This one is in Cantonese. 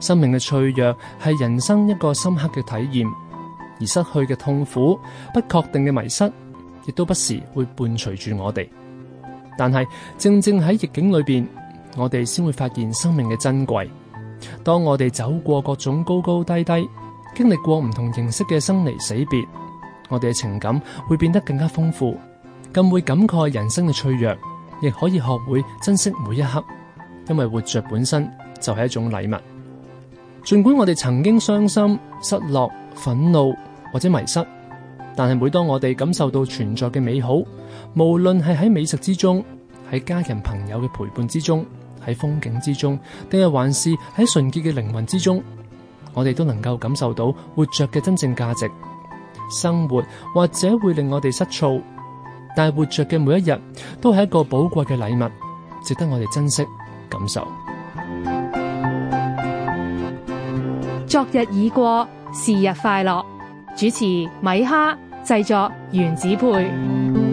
生命嘅脆弱係人生一個深刻嘅體驗，而失去嘅痛苦、不確定嘅迷失，亦都不時會伴隨住我哋。但係正正喺逆境裏邊，我哋先會發現生命嘅珍貴。當我哋走過各種高高低低，經歷過唔同形式嘅生離死別，我哋嘅情感會變得更加豐富，更會感慨人生嘅脆弱，亦可以學會珍惜每一刻，因為活着本身就係一種禮物。儘管我哋曾經傷心、失落、憤怒、或者迷失，但係每當我哋感受到存在嘅美好，無論係喺美食之中、喺家人朋友嘅陪伴之中、喺風景之中，定係還是喺純潔嘅靈魂之中，我哋都能夠感受到活着嘅真正價值。生活或者會令我哋失措，但係活着嘅每一日都係一個寶貴嘅禮物，值得我哋珍惜、感受。昨日已過，是日快樂。主持米哈，製作原子配。